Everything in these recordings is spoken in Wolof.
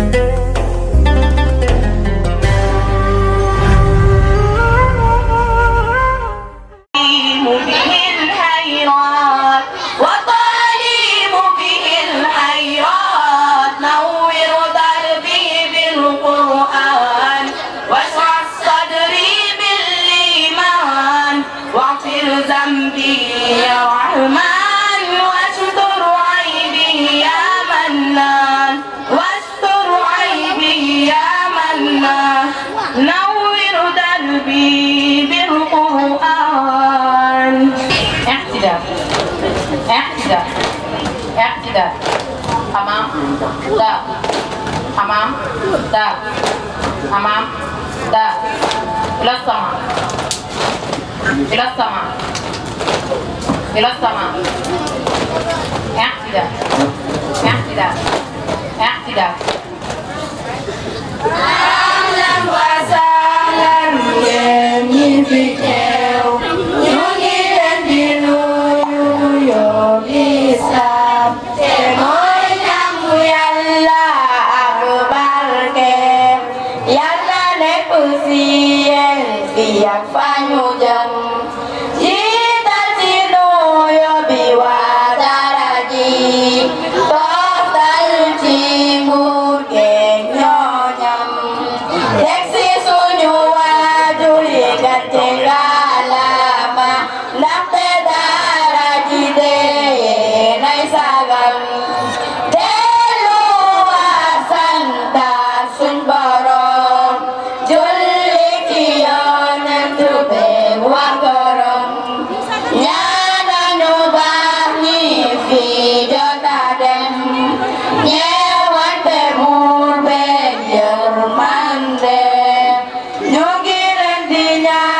thank you Bila sama. Bila sama. Ya tidak. Ya tidak. Ya tidak. Alam wasalam ya mimpi. Alhamdulillah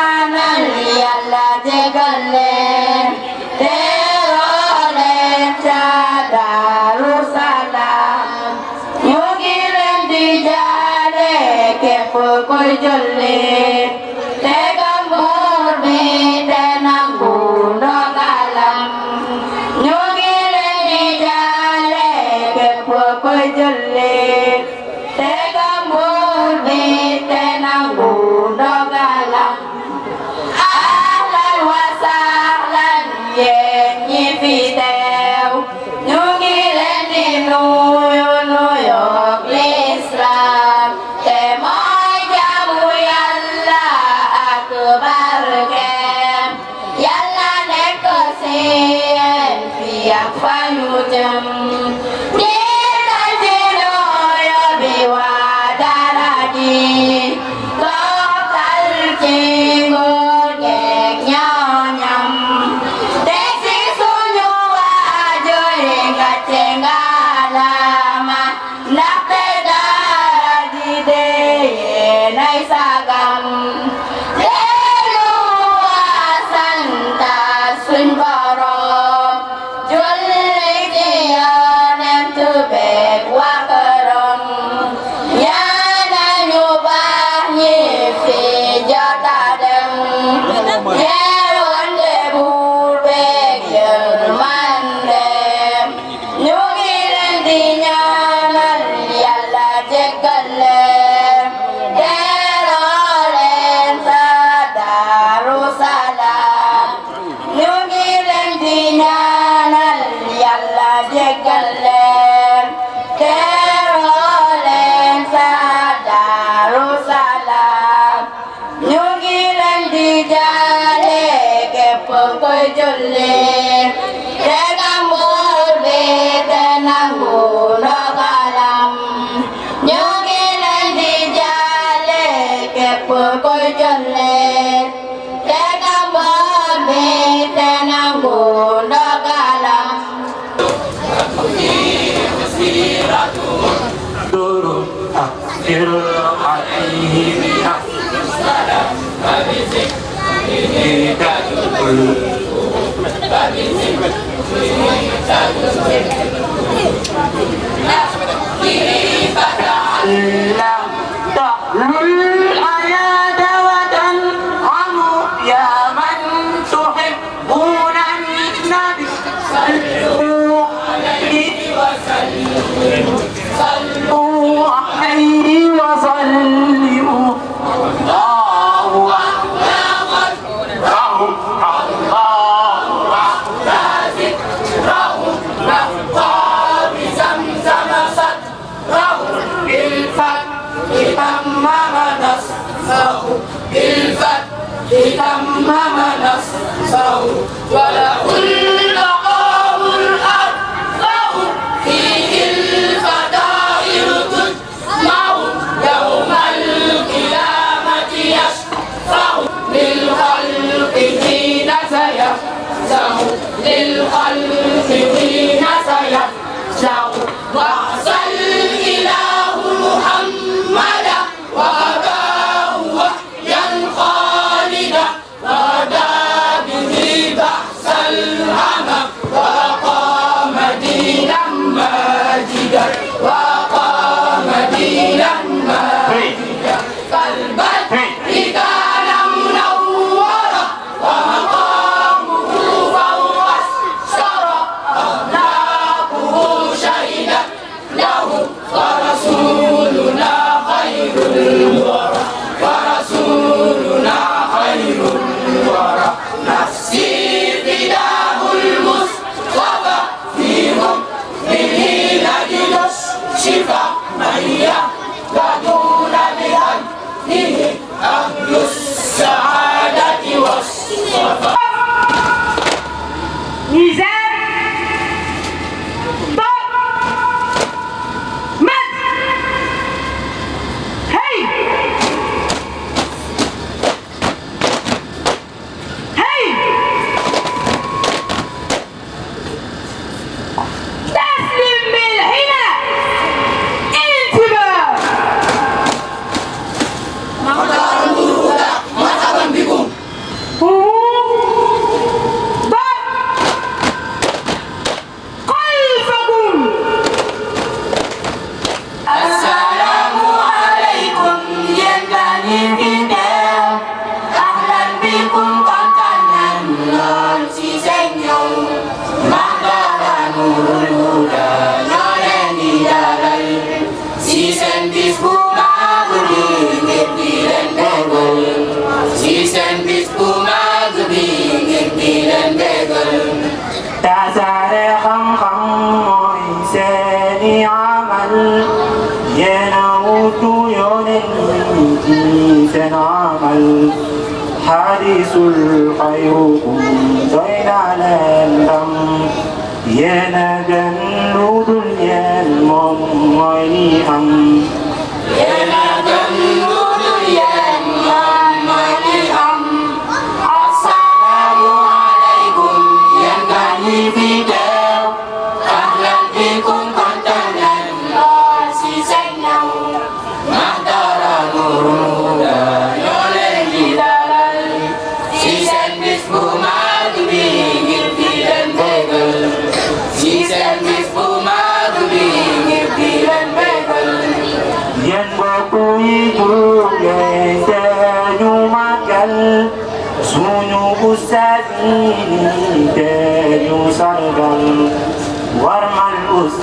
ورسولنا خير الورى ورسولنا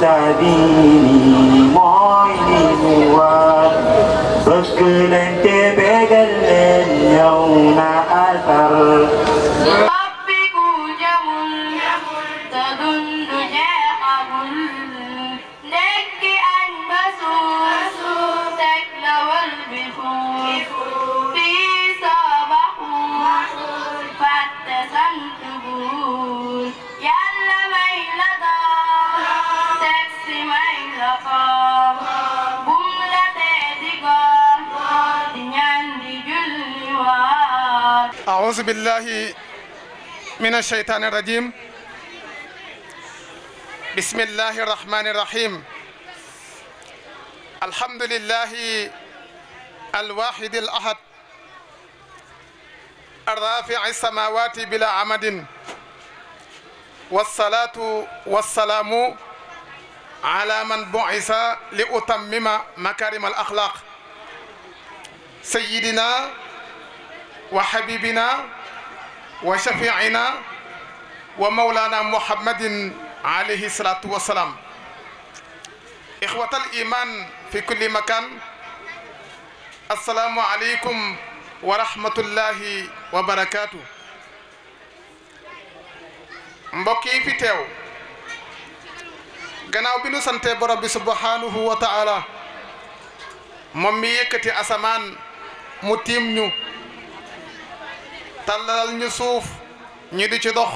سبيلي من الشيطان الرجيم بسم الله الرحمن الرحيم الحمد لله الواحد الأحد الرافع السماوات بلا عمد والصلاة والسلام على من بعث لأتمم مكارم الأخلاق سيدنا وحبيبنا وشفيعنا ومولانا محمد عليه الصلاة والسلام إخوة الإيمان في كل مكان السلام عليكم ورحمة الله وبركاته مبكي في تيو غناو بنو سنتي برب سبحانه وتعالى ممي يكتي أسمان متيم نيو tàllalal ñu suuf ñu di ci dox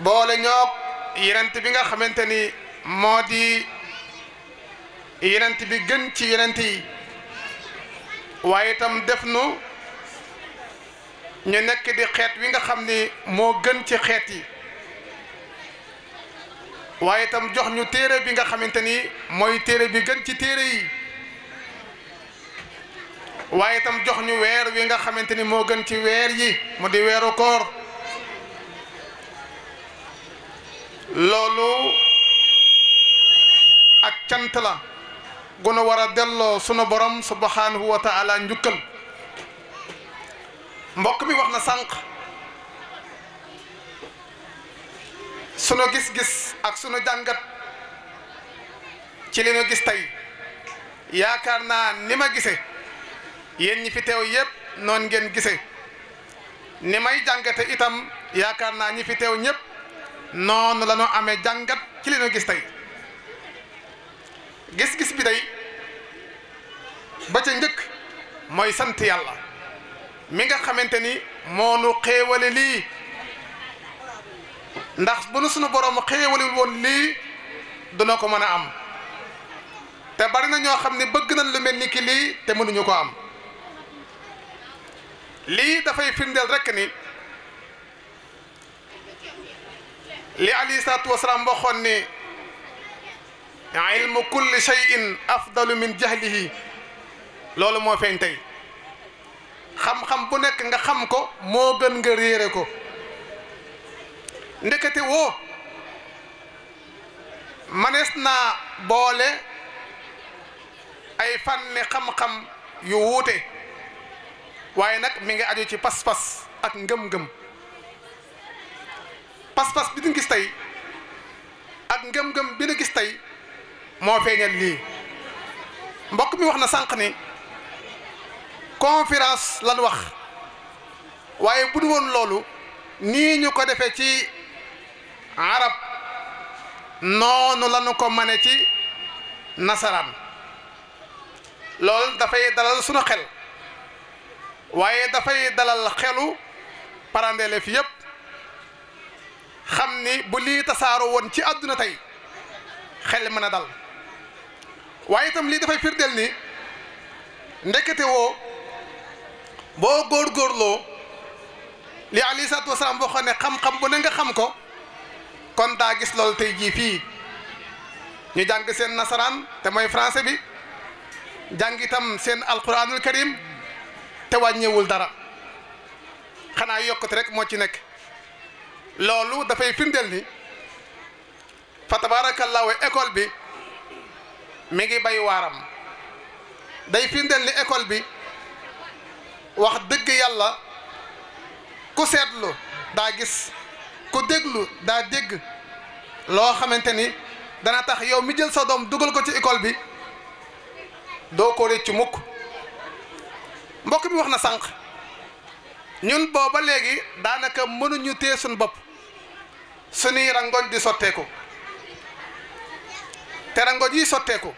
boole ñoog yenent bi nga xamante ni moo di yenent bi gën ci yenent yi waaye itam def nu ñu nekk di xeet wi nga xam ni moo gën ci xeet yi waaye itam jox ñu téere bi nga xamante ni mooy téere bi gën ci téere yi waaye tam jox ñu weer wi nga xamante ni moo gën ci weer yi mu di weeru koor loolu ak cant la gunu war a delloo sunu borom subhanahu wa taala njukkal mbokk mi wax na sànq sunu gis-gis ak sunu jàngat ci li nu gis tey yaakaar naa ni ma gisee yéen ñi fi teew yépp noon ngeen gise ni may jàngate itam yaakaar naa ñi fi teew ñépp noonu la ñu amee jàngat ci li ñu gis tey gis-gis bi day ba ca njëkk mooy sant yàlla mi nga xamante ni moo nu xéewale lii ndax bu nu sunu borom xéewale woon lii duna ko mën a am te bari na ñoo xam ne bëgg nañ lu mel ni ki lii te mënuñu ko am lii dafay firndeel rekk ni li alayhi salaatu wasalaam waxoon ni ilmu kulli shay'in afdalu min jahlihi loolu moo feeñ tey xam-xam bu nekk nga xam ko moo gën nga réere ko ndekete woo manees naa boole ay fànni xam-xam yu wuute waaye nag mi ngi aju ci pas-pas ak ngëm-ngëm pas-pas bi ñu gis tey ak ngëm-ngëm bi ñu gis tey moo feeñal lii mbokk mi wax na sànq ni conférence lan wax waaye bu du woon loolu nii ñu ko defee ci arab noonu lañu ko mane ci nasaraan loolu dafay dalal sunu xel waaye dafay dalal xelu parandeelef yépp xam ni bu lii tasaaroo woon ci àdduna tey xel mën a dal waaye itam lii dafay firndeel ni ndekete woo boo góorgóorloo li alayhi salaatu wasalaam waxoon ne xam-xam bu ne nga xam ko kon daa gis lool tey jii fii ñu jàng seen nasaraan te mooy français bi jàng itam seen alquranul karim te wàññiwul dara xanaa yokkute rek moo ci nekk loolu dafay firndeel ni fa tabaarakallaahu école bi mi ngi bay waaram day firndeel ni école bi wax dëgg yàlla ku seetlu daa gis ku déglu daa dégg loo xamante ni dana tax yow mi jël sa doom dugal ko ci école bi doo ko rëccu mukk mbokk mi wax na sànq ñun booba léegi daanaka mënuñu téye suñu bopp suñuy rangoñ di sotteeku te rangoñ yi sotteeku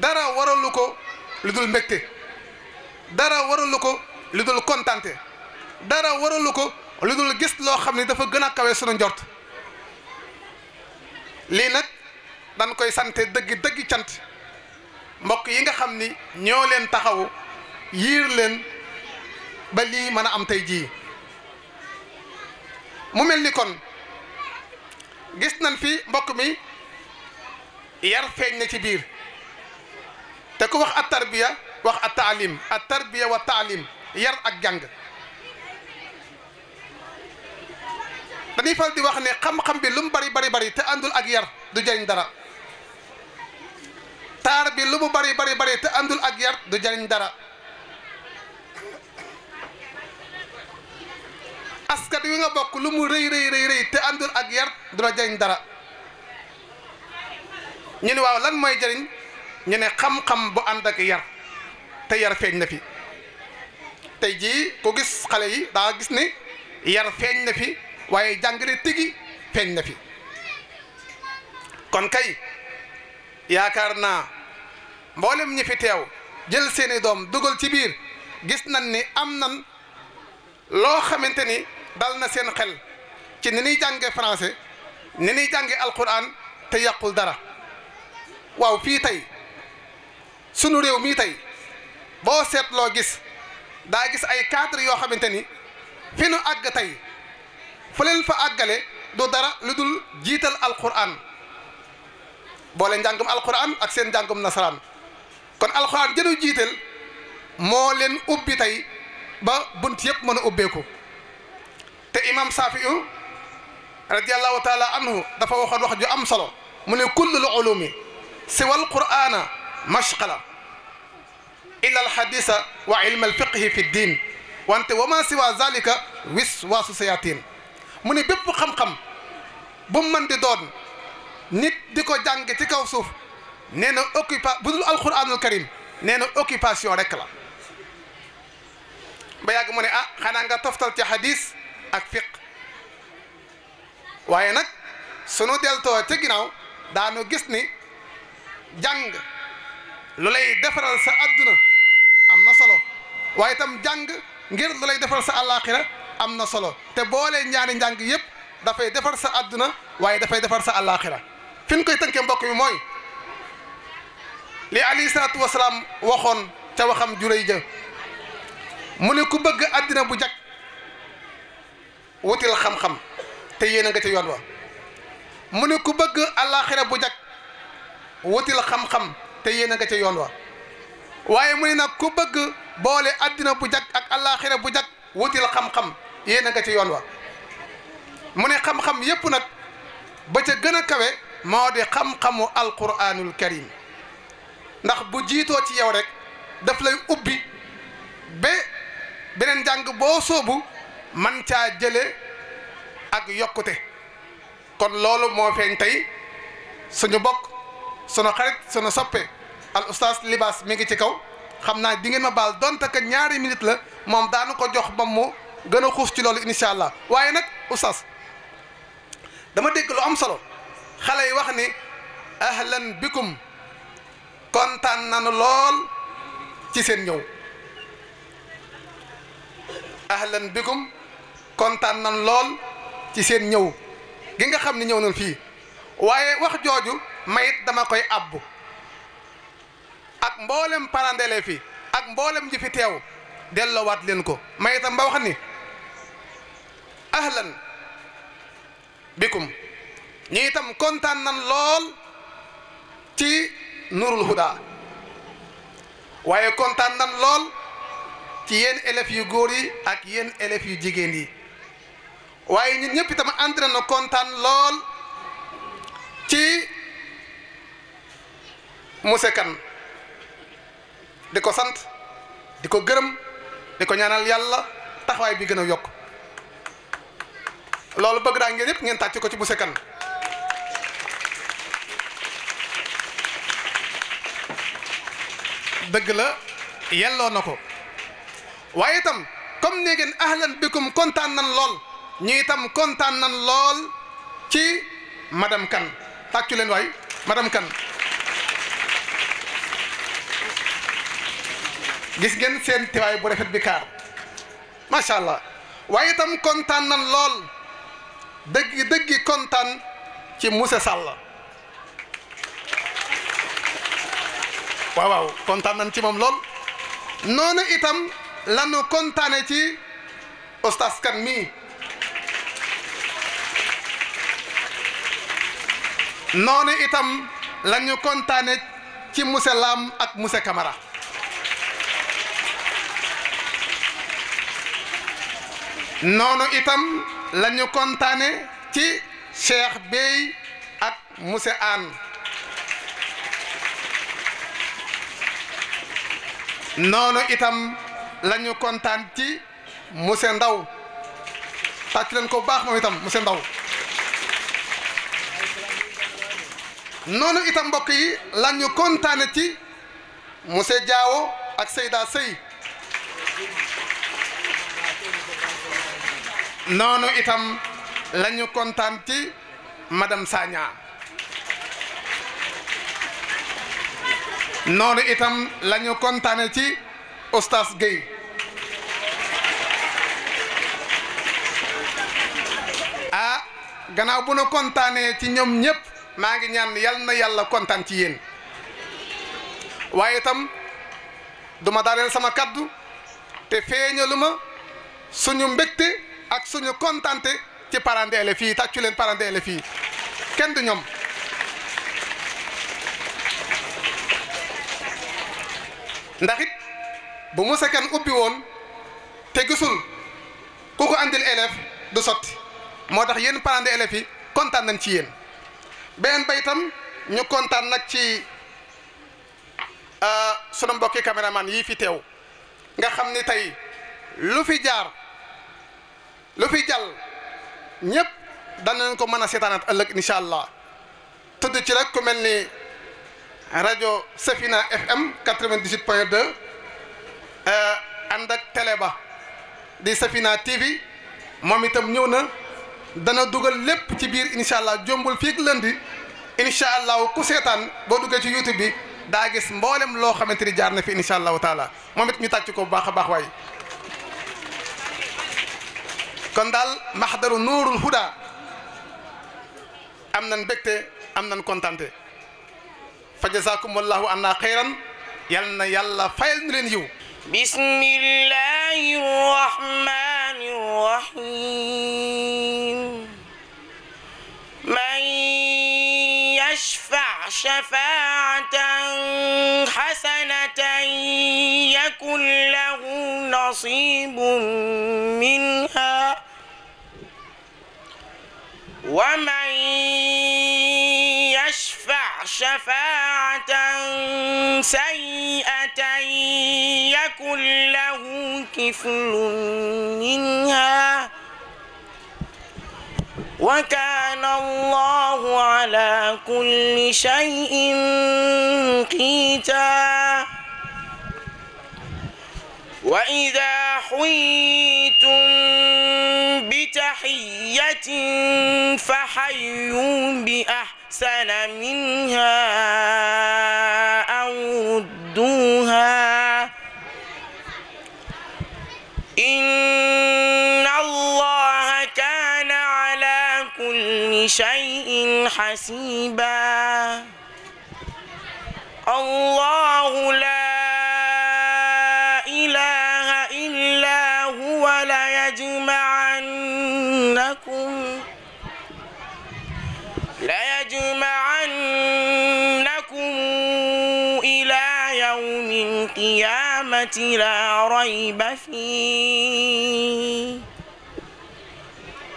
dara waralu ko lu dul mbégte dara waralu ko lu dul kontante dara waralu ko lu dul gis loo xam ne dafa gën a kawe suñu njort lii nag dan koy sante dëgg dëgg cant mbokk yi nga xam ni ñoo leen taxawu yiir leen ba lii mën a am tey jii mu mel ni kon gis nañ fi mbokk mi yar feeñ na ci biir te ku wax at tarbiya wax at taalim at tarbiya wa taalim yar ak jàng dañuy fal di wax ne xam-xam bi lu mu bari bari bari te àndul ak yar du jëriñ dara taar bi lu mu bari bari bari te àndul ak yar du jëriñ dara askan wi nga bokk lu mu rëy rëy rëy rëy te àndul ak yar du la jëriñ dara ñu ne waaw lan mooy jariñ ñu ne xam-xam bu ànd ak yar te yar feeñ na fi tey jii ko gis xale yi daa gis ni yar feeñ na fi waaye jàngale tigi feeñ na fi kon kay yaakaar naa mboolem ñi fi teew jël seeni doom dugal ci biir gis nañ ni am nan loo xamante ni dal na seen xel ci ni ñuy jànge français ni ñuy jànge alquran te yàqul dara waaw fii tey sunu réew mii tey boo seetloo gis daa gis ay cadre yoo xamante ni fi nu àgg tey fu leen fa àggale du dara lu dul jiital alquran boole njàngum alquran ak seen njàngum nasaraan kon alquran jënu jiital moo leen ubbi tey ba bunt yëpp mën a ubbeeku te imam safiu radiallahu taala anhu dafa waxoon wax ju am solo mune kullul ulumi siwal qur'ana mashqala illa alhadisa wa ilma alfiqhi fi ddin wante wa ma siwa zalika wiswaasu sayatin mune bépp xam-xam bu man di doon nit diko jàng ci kaw suuf neena na occupa bu dul alquranul karim nee occupation rek la ba yag mune ah xana nga toftal ci hadith ak fiq waaye nag sunu deltoo ca ginnaaw daanu gis ni jàng lu lay defaral sa adduna am na solo waaye itam jàng ngir lu lay defaral sa àllaaxira am na solo te boolee ñaari njàng yëpp dafay defar sa adduna waaye dafay defar sa àllaaxira fi ñu koy tënkee mbokk mi mooy li alayhi salaatu wasalaam waxoon ca waxam juréy ja mu ne ku bëgg addina bu jag wutil xam-xam te yéen a nga ca yoon wa mu ne ku bëgg àllaaxira bu jag wutil xam-xam te yéen a nga ca yoon wa waaye mu ne nag ku bëgg boole àddina bu jag ak àllaaxira bu jag wutil xam-xam yéen a nga ca yoon wa mu ne xam-xam yépp nag ba ca gën a kawe moo di xam-xamu alquranul karim ndax bu jiitoo ci yow rek daf lay ubbi ba beneen jàng boo soobu man caa jële ak yokkute kon loolu moo feeñ tey suñu bokk suñu xarit suñu soppe al oustaz libaas mi ngi ci kaw xam naa di ngeen ma baal donte que ñaari minute la moom daanu ko jox ba mu gën a xuus ci loolu incha allah waaye nag oustaz dama dégg lu am solo xale yi wax ni ahlan bikum kontaan nanu lool ci seen ñëw ahlan kontaan nan lool ci seen ñëw gi nga xam ne ñëw nañ fii waaye wax jooju mayit dama koy abbu ak mboolem parandele fi ak mboolem ji fi teew delloowaat leen ko mayitam ba wax ni ahlan bikum ñu itam kontaan nan lool ci nurul huda waaye kontaan nan lool ci yenn élèves yu góor yi ak yenn élèves yu jigéen yi waye ñun ñëpp itam entré na contane lool ci musse kan diko sante sant di diko ñaanal yalla taxway bi gëna yok yokk bëgg da ngeen yëpp ngeen tacc ko ci musse kan deug la yello nako waye tam comme ne ngeen ahlan bikum contane nan lool ñu itam kontaan nan lool ci madame Kane tàccu leen waay madame Kane gis ngeen seen teewaay bu rafet bi kaar macha allah waaye itam kontaan nan lool dëgg dëgg kontaan ci muse Sall waaw waaw kontaan nan ci moom lool noonu itam lanu kontaane ci Oustaz Kane mii noonu itam lañu kontaane ci monsieur Lam ak monsieur kamara noonu itam lañu kontaane ci Cheikh Bey ak monsieur Anne noonu itam la ñu kontaan ci monsieur Ndaw tàcc leen ko bu baax moom itam monsieur Ndaw noonu itam mbokk yi lañu kontaane ci monsieur Diawo ak Seyda Sey noonu itam lañu kontaan ci madam Sagna noonu itam lañu kontaane ci Oustaz Guèye ah gannaaw bu nu kontaanee ci ñoom ñëpp. maa ngi ñaan yal na yàlla kontaan ci yéen waaye itam duma daaneel sama kàddu te feeñalu ma suñu mbégte ak suñu kontante ci parents d'élèves yi tàccu leen parande d'élèves yi kenn du ñoom ndax it bu mu sekan ubbi woon te gisul ku ko andil élève du sotti moo tax yéen parents d'élèves yi kontaan nañ ci yéen beneen ba itam ñu kontaan nag ci euh, sunu mbokki caméraman yii fi teew nga xam ni tey lu fi jaar lu fi jàll ñëpp danañ ko mën a seetaanaat ëllëg incha allah tudd ci rek ku mel ni rajo Safina FM 98 point 2 euh, ànd ak télé ba di Safina TV moom itam ñëw na. dana dugal lépp ci biir incha allah jombul fii ak lëndi incha ku seetaan boo duggee ci youtube bi daa gis mboolem loo xamante ni jaar na fi incha allahu taala moom it ñu tàcc ko bu baax a baax waay kon daal maxdaru nuurul huda am nan mbégte am nan kontante fa jazakum wallahu anna xayran yal na yàlla fayal nu leen yiw بسم الله الرحمن الرحيم من يشفع شفاعة حسنة يكن له نصيب منها ومن يشفع شفاعة سيئة يكن له كفل منها وكان الله على كل شيء قيتاً وإذا حييتم بتحية فحيوا بأحسن منها أو ردوها إن الله كان على كل شيء حسيبا الله لا القيامة لا ريب فيه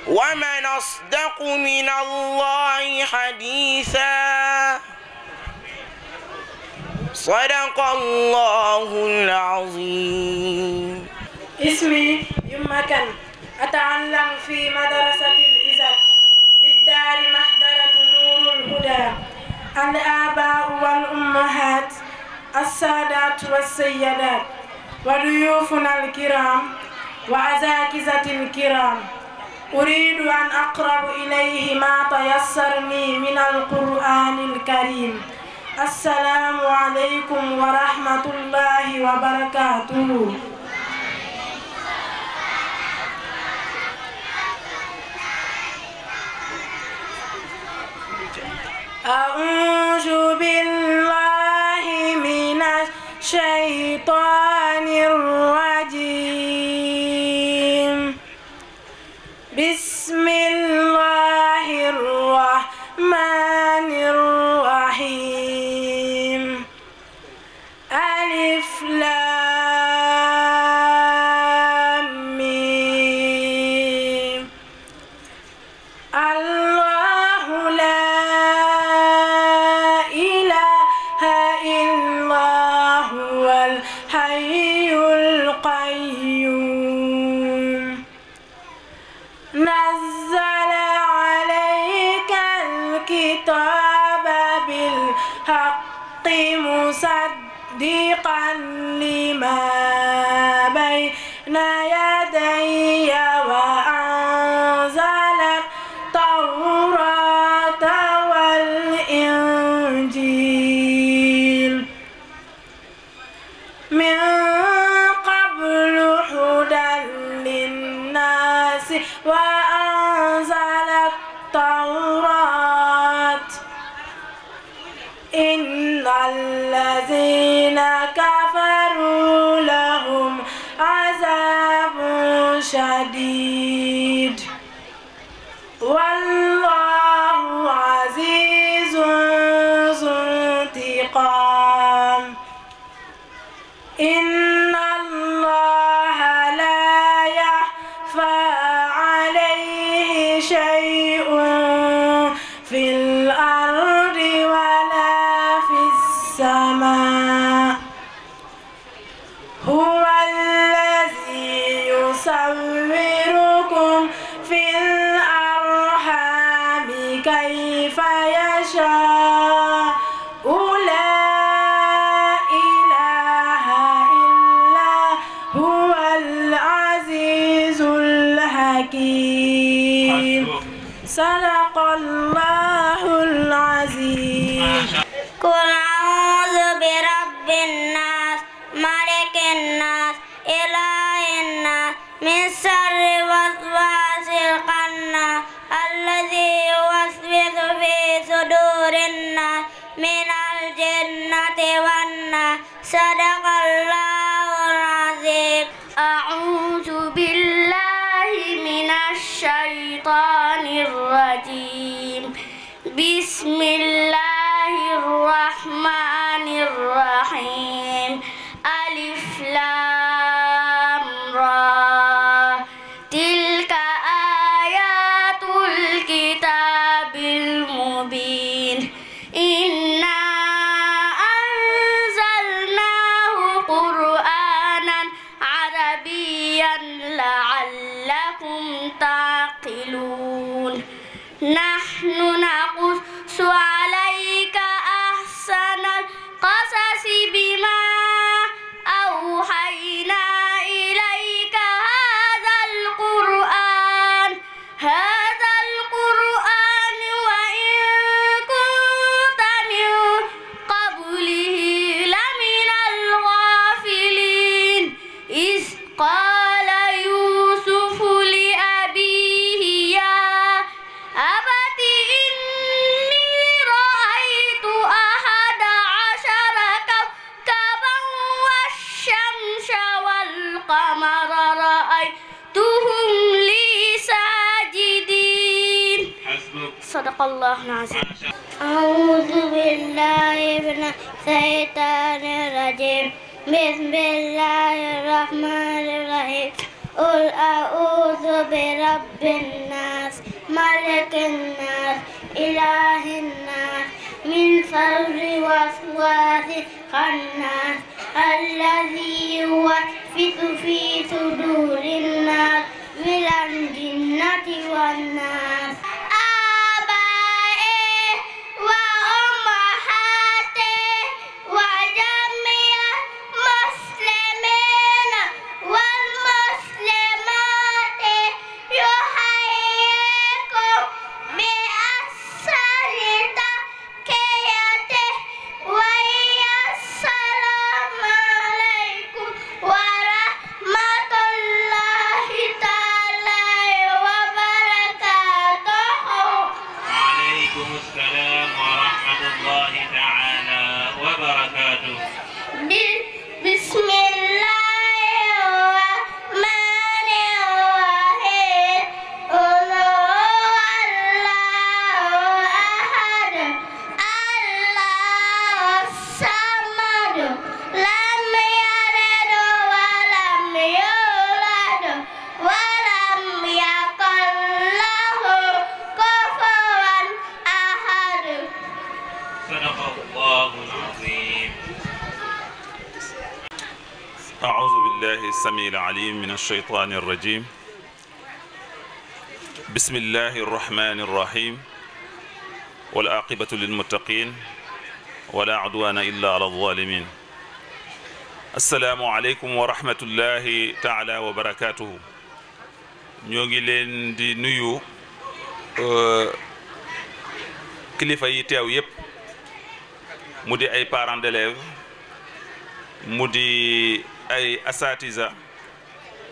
ومن أصدق من الله حديثا صدق الله العظيم اسمي يما كان أتعلم في مدرسة الإزاك بالدار محضرة نور الهدى الآباء والأمهات السادات والسيدات وضيوفنا الكرام وأساتذة الكرام أريد أن أقرب إليه ما تيسرني من القرآن الكريم السلام عليكم ورحمة الله وبركاته أعوذ بالله الشيطان الرجيم بسم الرجيم بسم الله الرحمن الرحيم الله العظيم أعوذ بالله من الشيطان الرجيم بسم الله الرحمن الرحيم قل أعوذ برب الناس ملك الناس إله الناس من شر وسواس الناس الذي يوسوس في صدور الناس من الجنة والناس العليم من الشيطان الرجيم بسم الله الرحمن الرحيم والعاقبة للمتقين ولا عدوان إلا على الظالمين السلام عليكم ورحمة الله تعالى وبركاته نيوغي لين دي نيو nuyu euh, kilifa يب teew yépp mu di ay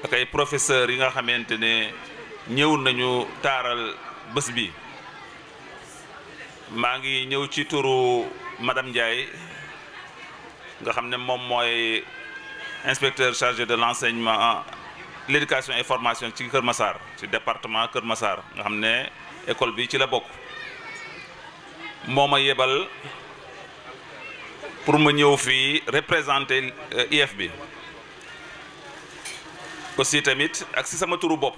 ak professeur professeurs yi nga xamantene ñewul nañu taral bés bi ma ngi ñew ci turu madame Ndiaye nga mom moy inspecteur chargé de l'enseignement l'éducation et formation ci Keur Massar ci département de Massar nga suis l'école école bi ci la bok moma ma pour ma ñew représenter l'IFB. Euh, aussi tamit ak sama turu bop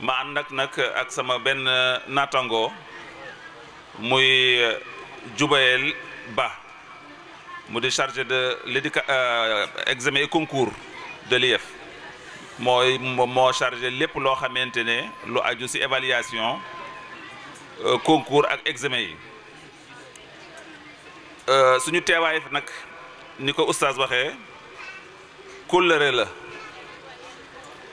ma ànd nak nag ak sama ben natango muy euh, Jubayel Ba mu di chargé de l'éduca euh, concours de l'IEF moy mo chargé lepp lo xamantene lu aju ci évaluation euh, concours ak examen yi euh, suñu teewaay nak niko oustaz waxee kóllëre la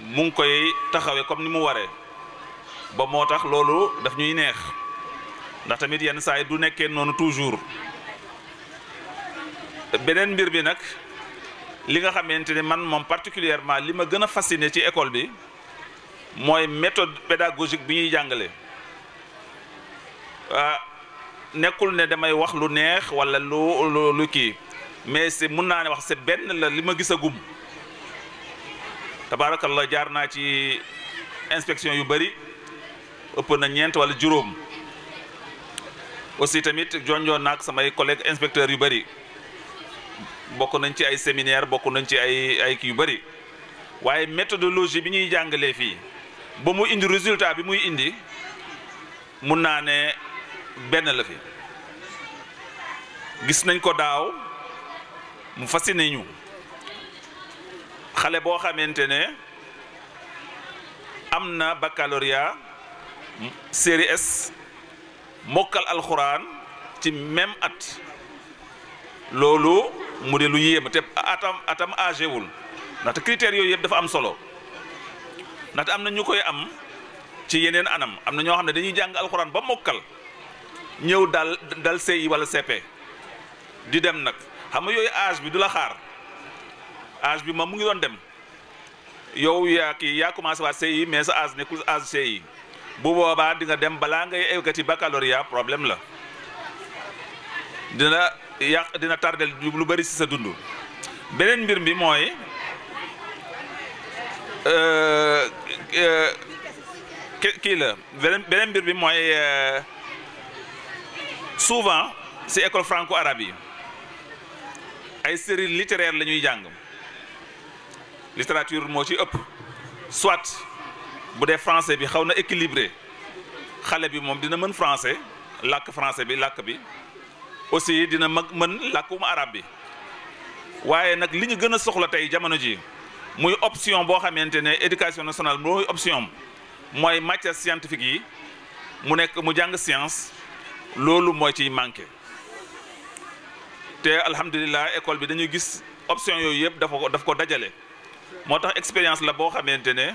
mu ngi koy taxawee comme ni mu waree ba moo tax loolu daf ñuy neex ndax tamit yenn saa yi du nekkee noonu toujours beneen mbir bi nag li nga xamante ne man moom particulièrement li ma gën a fasciné ci école bi mooy méthode pédagogique bi ñuy jàngale ah nekkul ne damay wax lu neex wala lu lu kii mais c'est mun naa ne wax c'est benn la li ma gis gisagum. tabarakallah jaar naa ci inspection yu bëri ëpp na ñeent wala juróom aussi tamit jonjoon naak samay collègue inspecteur yu bëri bokk nañ ci ay séminaire bokk nañ ci ay ay kii yu bëri waaye méthodologie bi ñuy jàngalee fii ba mu indi résultat bi muy indi mun naa ne benn la fi gis nañ ko daaw mu fasciné ñu xale boo xamante ne am na baccalauréat série S mokkal alxuraan ci même at loolu mu de lu yéem te atam atam âgé wul ndaxte critères yooyu yëpp dafa am solo ndaxte am na ñu koy am ci yeneen anam am na ñoo xam ne dañuy jàng alxuraan ba mokkal ñëw dal dal CI wala CP di dem nag xam nga yooyu âge bi du la xaar. âge bi ma mu ngi doon dem yow yaa kii yaa commencé waat CI mais sa âge nekkul âge CI bu boobaa di nga dem balaa ngay eggati baccalauréat problème la dina yàq dina tardel lu bëri si sa dund beneen mbir mi mooy euh, euh, kii la beneen mbir bi mooy euh, souvent si école franco arabe yi ay série littéraire la ñuy jàng littérature moo ci ëpp soit bu dee français bi xaw na équilibré xale bi moom dina mën français làkk français bi làkk bi aussi dina mag mën làkkum arabe bi waaye nag li ñu gën a soxla tey jamono ji muy option boo xamante ne éducation nationale mooy option mooy matière scientifique yi mu nekk mu jàng science loolu mooy ciy manqué te alhamdulilah école bi dañuy gis option yooyu yëpp dafa daf ko dajale moo tax expérience la boo xamante ne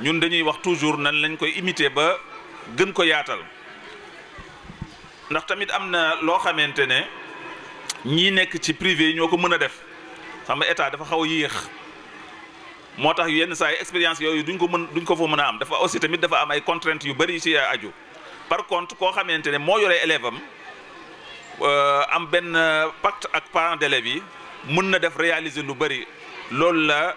ñun dañuy wax toujours nan lañ koy imiter ba gën ko yaatal ndax tamit am na loo xamante ne ñii nekk ci privé ñoo ko mën a def sama état dafa xaw a yéex moo tax yenn saa yi expérience yooyu duñ ko mën duñ ko fa mën a am dafa aussi tamit dafa am ay contraintes yu bëri ci aju par contre koo xamante ne moo yoree élève am euh, am benn pacte ak parents d'élèves yi mën na def réaliser lu bëri loolu la.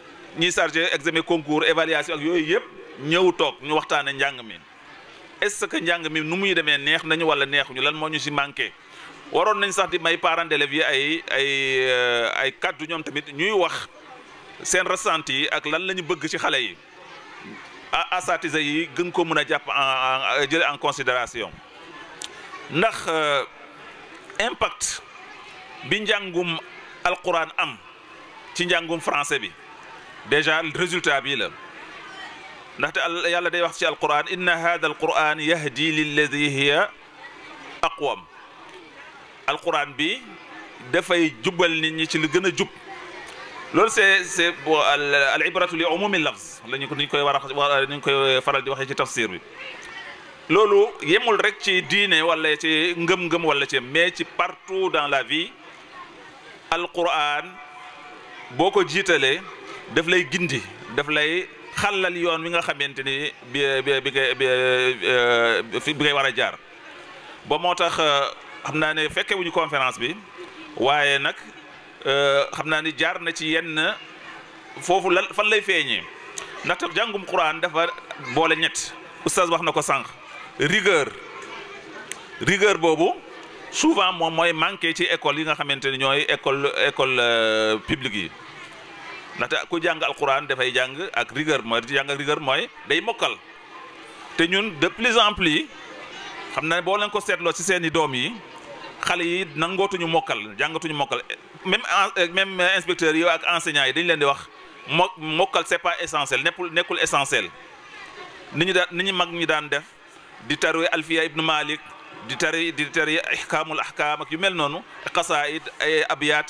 ñi chargé examen concours évaluation ak yooyu yëpp ñëw toog ñu waxtaane njàng mi est-ce que njàng mi nu muy demee neex nañu wala neexuñu lan moo ñu si manqué waroon nañ sax di may parents d'élèves yi ay ay euh, ay kaddu ñoom tamit ñuy wax seen ressenti yi ak lan la ñu bëgg ci xale yi asatise yi gën ko mën a jàpp en jël en considération ndax euh, impact bi njàngum alquran am ci njàngum français bi déjà le résultat bi la ndaxte yàlla day wax ci alquran inna hadha alquran yahdi lil ladhi hiya aqwam alquran bi da fay jubal nit ñi ci lu gëna a jub loolu c'est c'est al ibratu li umum al lafz la ñu ko ñu koy wara ñu koy faral di waxee ci tafsir bi lolu yemul rek ci diine wala ci ngëm-ngëm wala ci mais ci partout dans la vie alquran boo ko jiitalee daf lay gindi daf lay xàllal yoon wi nga xamante ni bi bi bi euh, bi ngay war a jaar ba moo tax euh, xam naa ne fekke wuñu conférence bi waaye nag euh, xam naa ni jaar na ci yenn foofu lan fan lay feeñee ndaxte jàngum quran dafa boole ñett oustaz wax na ko sànq rigueur rigueur boobu souvent moom mooy manqué ci école yi nga xamante ni ñooy école école publique yi ndaxte ku jàng alquran dafay jàng ak rigueur mooy jàng ak rigueur mooy day mokkal te ñun de plus en plus xam na boo leen ko seetloo ci seeni doom yi xale yi nangootuñu mokkal jàngatuñu mokkal même même inspecteurs yi ak enseignants yi dañ leen di wax mo mokkal c'est pas essentiel nekkul nekkul essentiel ni ñu daan ni ñu mag ñi daan def di tarwe alfiya ibnu malik di tari di tari ihkaamul ahkaam ak yu mel noonu xasaayid ay abyaat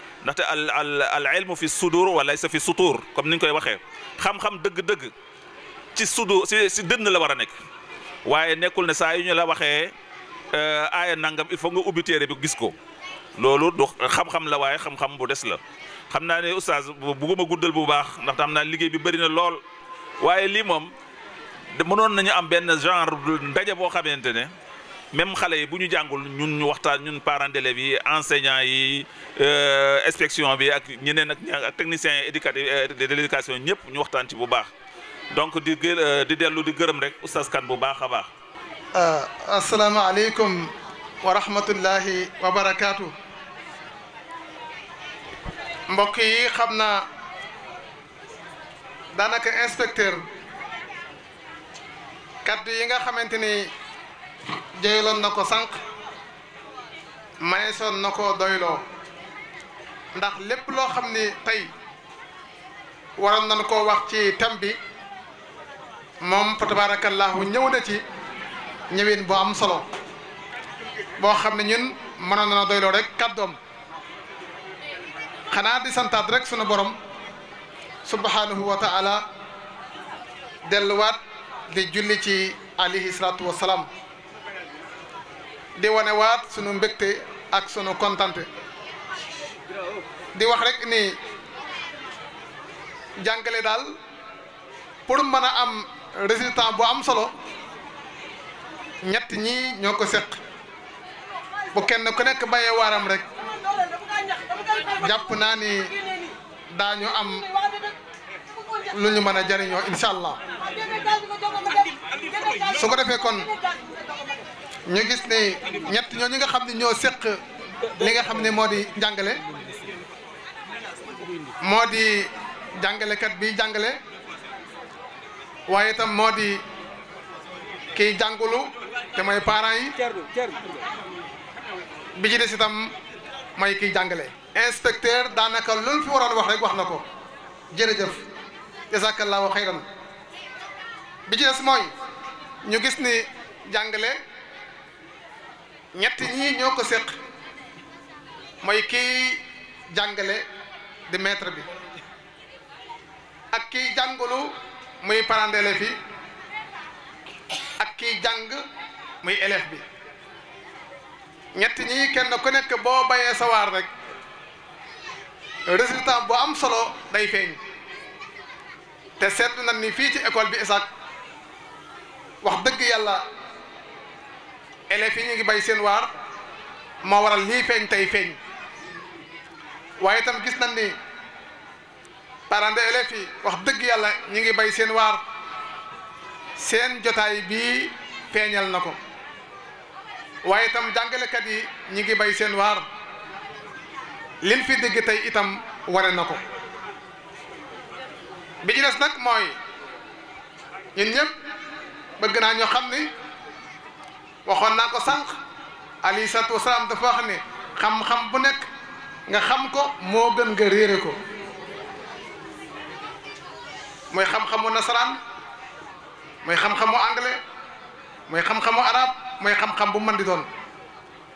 ndaxte al al al ilmu fi sudur walaysa fi sutur comme ni ngui koy waxe xam-xam deug deug ci sudu ci si dënn la wara nek waye nekul ne sa yu ñu la waxe euh aaya nangam il faut nga ubi tere bi gis ko lolu du xam-xam la waye xam-xam bu dess la xam naa ne oustaz bugguma guddal bu baax ndax tam na liggey bi bari na lool waaye lii moom mënon nañu am ben genre ndaje bo xamantene même xalé yi bu ñu jàngul ñun ñu waxtaan ñun parents d'élèves yi enseignants yi euh inspection bi ak ñeneen ak techniciens éducatifs euh, de l'éducation ñëpp ñu waxtaan ci bu baax donc di euh, di dellu di gërëm rek oustaz Kane bu baaxa baax euh assalamu alaykum wa rahmatullahi wa barakatuh mbokk yi xamna danaka inspecteur kaddu yi nga xamanteni jëyloon na ko sànq maneesoon na ko doyloo ndax lépp loo xam ni tey waroon nañ ko wax ci thème bi moom fa tabaarakallaahu ñëw na ci ñëwin bu am solo boo xam ne ñun mënoon na doyloo rek kàddoom xanaa di santaat rekk sunu borom subhanahu wa taala delluwaat di julli ci alayhi salaatu wa di wane waat sunu mbégte ak sunu kontante di wax rek ni jàngale daal pour mën a am résultat bu am solo ñett ñii ñoo ko seq bu kenn ku nekk bayee waaram rek jàpp naa ni daañu am lu ñu mën a jariñoo incha allah su ko defee kon ñu gis ne ñett ñoo ñi nga xamni ñoo sekk li nga xamni modi moo modi jàngale kat bi jàngale waye tam modi ki jangulu jàngulu te mooy parents yi bi ci dess tam moy ki jàngale inspecteur daanaka loolu fi waroon wax rek wax nako jere jërëjëf jazakallahu khairan bi ci dess moy ñu gis ni jàngale ñetti ñii ñoo ko séq mooy kiy jàngale di maître bi ak ki jàngalu muy parent fi ak ki jàng muy élève bi ñetti ñii kenn ku nekk boo bayee sawaar rek résultat bu am solo day feeñ te seetlu na ni fii ci école bi Isaac wax dëgg yàlla élèves yi ñu ngi bay seen war mo waral li feñ tay feñ waye tam gis nañ ni parents d'élèves yi wax deug yalla ñi ngi bay seen war seen jotaay bi feñal nako waye tam jangale kat yi ñi ngi bay seen war liñ fi deug tay itam waré nako bi ci des nag mooy ñun ñep bëgg na ñu xamni waxoon naa ko sànq alayhi salaatu wasalaam dafa wax ne xam-xam bu nekk nga xam ko moo gën nga réere ko mooy xam-xamu nasaraan mooy xam-xamu anglais mooy xam-xamu arab mooy xam-xam bu mën di doon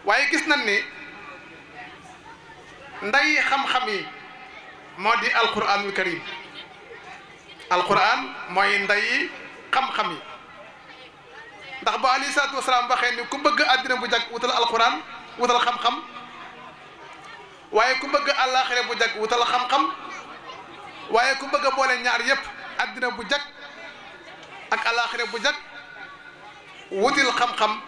waaye gis nañ ni nday xam-xam yi moo di alquranul karim alquran mooy nday xam-xam yi ndax ba Ali salaatu wasalaam waxe ni ku bëgg adina bu jakk wutal alquran wutal xam-xam waye ku bëgg àllaaxira bu jakk wutal xam-xam waye ku bëgg boole ñaar yépp adina bu jakk ak àllaaxira bu jakk wutil xam-xam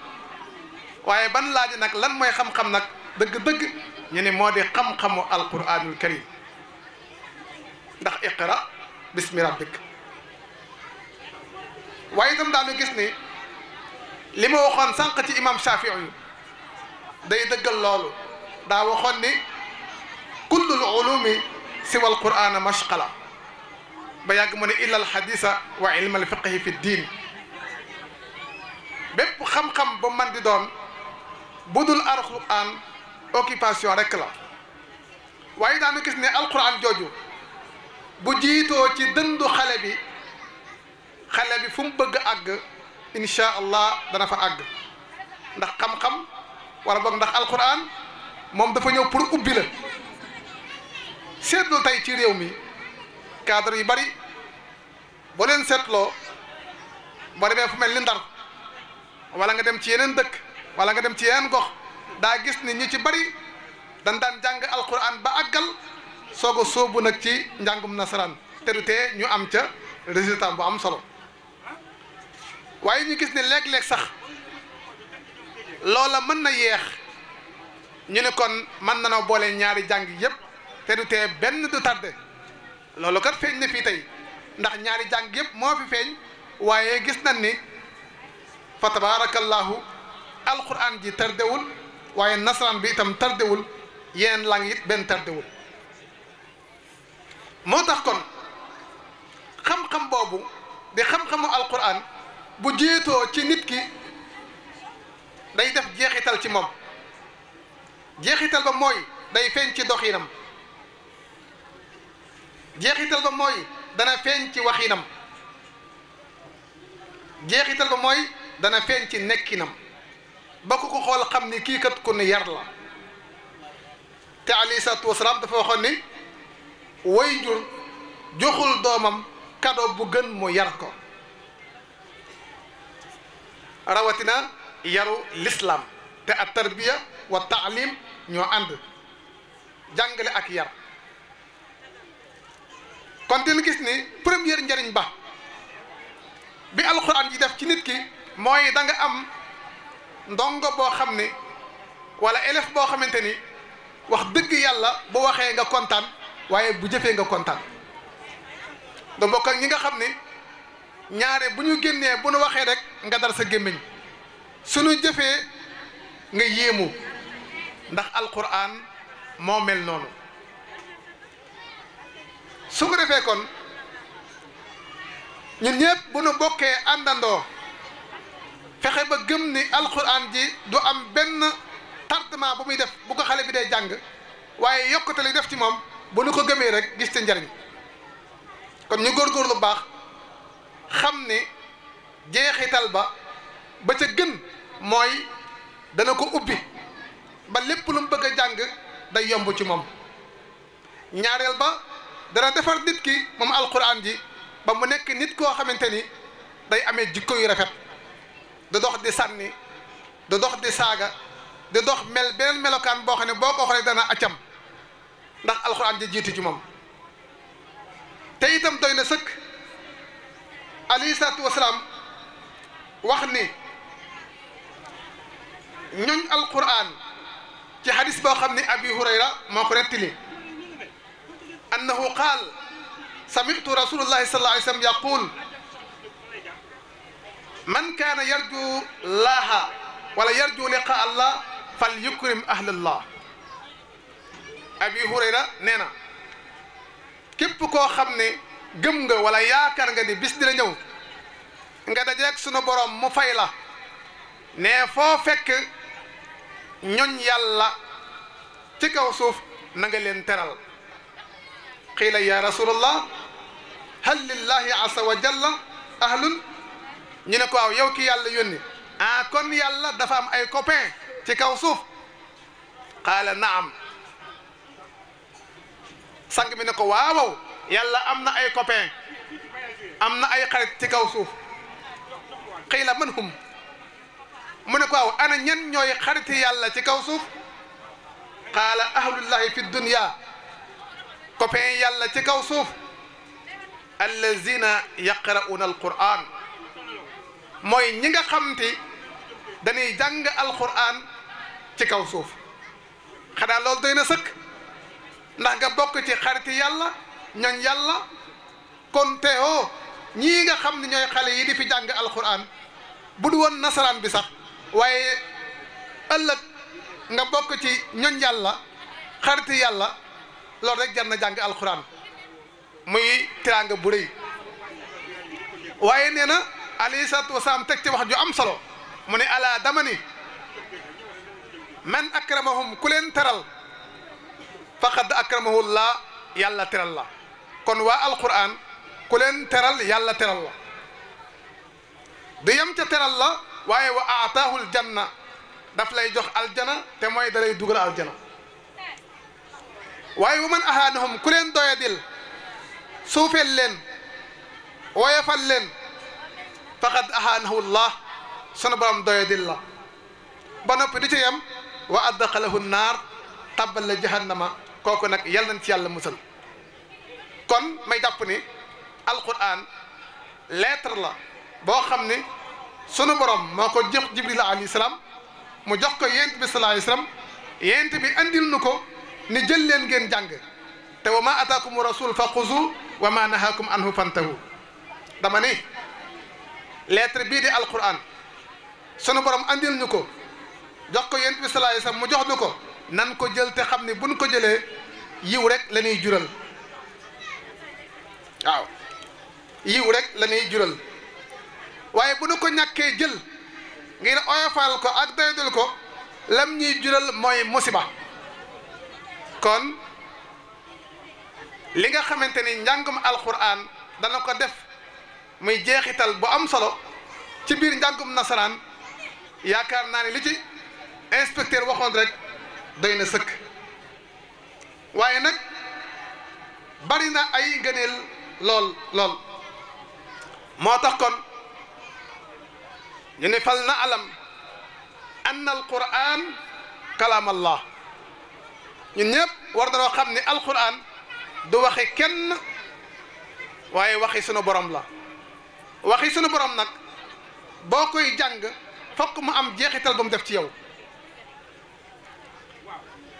waye ban laaj nak lan moy xam-xam nak deug deug ñu ne moo di xam-xamu alquranul karim ndax iqra bismi rabbik waaye itam daanu gis ni li ma waxoon sànq ci imam Shafii yu day dëggal loolu daa waxoon ni kullul ulumi siwa alqurana mashqala ba yàgg mu ne illa alxadisa wa ilma alfiqhi fi diin bépp xam-xam ba man di doon budul alquran occupation rek la waaye daanu gis ne alquran jooju bu jiitoo ci dëndu xale bi xale bi fu mu bëgg àgg insha allah dana fa ag, ndax xam-xam wala bok ndax alquran mom dafa ñew pour ubbi la seetloo tay ci rew mi cadre yu bari bo len setlo boo demee fu mel ndar wala nga dem ci yenen dekk wala nga dem ci yenen gox da gis ni ñi ci bari dañ dan jang alquran ba agal, sogo sobu nak nasaran, ci nyu nasaraan te du ñu am ca résultat bu am solo. waaye ñu gis ne léeg-léeg sax loola mën na yeex ñu ne kon mën nanoo boole ñaari jàng yépp te du tee benn du tardé loolu kat feeñ na fii tey ndax ñaari jàng yépp moo fi feeñ waaye gis nañ ni fa tabarakallahu alquran ji tardewul waaye nasaraan bi itam tardewul yeneen lang it benn tardewul moo tax kon xam-xam boobu di xam-xamu alquran bu jiitoo ci nit ki day def jeexital ci moom jeexital ba mooy day feeñ ci doxinam jeexital ba mooy dana feeñ ci waxinam jeexital ba mooy dana feeñ ci nekkinam ba ku ko xool xam ni kii kat ku ni yar la te alayhi salaatu wasalaam dafa waxoon ni way njur joxul doomam kado bu gën mu yar ko rawatina yaru lislaam te at tarbiya wa taalim ñoo ànd jàngale ak yar kon dina gis ni première njariñ ba bi alxuraan ji def ci nit ki mooy danga am ndongo boo xam ne wala élève boo xamante ni wax dëgg yàlla bu waxee nga kontaan waaye bu jëfee nga kontaan da mbokk ak nga xam ne ñaare bu ñu génnee bu nu waxee rek nga dal sa gémmiñ suñu jëfee nga yéemu ndax alquran moo mel noonu su ko defee kon ñun ñëpp bu nu bokkee àndandoo fexe ba gëm ni alquran ji du am benn tardement bu muy def bu ko xale bi dee jàng waaye yokkute li def ci moom bu nu ko gëmee rek gis te njariñ kon ñu góorgóorlu baax xam ne jeexital ba ba ca gën mooy dana ko ubbi ba lépp lu mu bëgg a jàng day yomb ci moom ñaareel ba dana defar nit ki moom alquran ji ba mu nekk nit koo xamante ni day amee jikko yu rafet du dox di sànni du dox di saaga du dox mel beneen melokaan boo xam ne boo ko xoolee dana accam ndax alquran ji jiitu ci moom te itam doy na sëkk علي ساتو وسلام وخني نون القران في حديث بو ابي هريره ما فرتلي انه قال سمعت رسول الله صلى الله عليه وسلم يقول من كان يرجو الله ولا يرجو لقاء الله فليكرم اهل الله ابي هريره نينا كيف كو خامني gëm nga wala yaakaar nga ni bis dina ñëw nga dajeeg sunu boroom mu fay la ne foo fekk ñoñ yàlla ci kaw suuf na nga leen teral qiila ya rasulallah hal lillahi asa wa jalla ahlun ñu ne ko aw yow ki yàlla yónni ah kon yàlla dafa am ay copain ci kaw suuf na am sang mi ne ko waawaw يلا امنا اي كوبين امنا اي خريت تي كاو سوف قيل منهم منكو انا نين نوي خريت يالا تي كاو سوف قال اهل الله في الدنيا كوبين يالا تي كاو سوف الذين يقرؤون القران موي نيغا خامتي داني جانغ القران تي كاو سوف خدا لول دينا سك ndax nga bok ci xarit yalla ñang yàlla kon teewoo ñii nga xam ne ñooy xale yi di fi jàng alxuraan bu du woon nasaraan bi sax waaye ëllëg nga bokk ci ñoñ yàlla xariti yàlla loolu rek jan na jàng alxuraan muy tiraanga bu rëy waaye nee na alayhi salaatu wasalaam teg ci wax ju am solo mu ne ala dama ni man akramahum ku leen teral faqad akramahu llah yàlla teral la kon wa alquran ku len teral yàlla teral la du yem ca teral la waye wa aataahul janna daf lay jox aljana te moy dalay dugal aljana waye wa man ahaanahum ku leen doyadil suufeel leen woyofal len faqad ahanahu allah sunu borom doyadil la ba nop di ci yam wa addaqalahu an-nar tabal jahannama kooku nak yalla nti yàlla musal kon may jàpp ni alquran lettre la boo xam ni sunu borom moo ko jibril alayhi salaam mu jox ko yent bi sallallahu alayhi wasallam yent bi andil nuko ko ni jël leen ngeen jàng te wa ataakum rasul fa xuzu wa ma nahaakum anhu fantahu dama ni lettre bii di alquran sunu borom andil nuko ko jox ko yent bi sallallahu alayhi wasallam mu jox ñu ko nan ko jël te xam buñ ko jëlee yiw rek la jural waaw yiw rekk la jural waaye bu nu ko ñàkkee jël ngir oyofal ko ak doydul ko lam ñuy jural mooy musiba kon li nga xamante ne njàngum alquran dana ko def muy jeexital bu am solo ci biir njàngum nasaraan yaakaar naa ne li ci inspecteur waxoon rek doy na sëkk waaye nag bari na ay gëneel lool lool moo tax kon ñu ne fal na alam anna alquran kalaam allah ñun ñëpp war danoo xam ni alquran du waxi kenn waaye waxi sunu borom la waxi sunu borom nag boo koy jàng fokk mu am jeexital ba mu def ci yow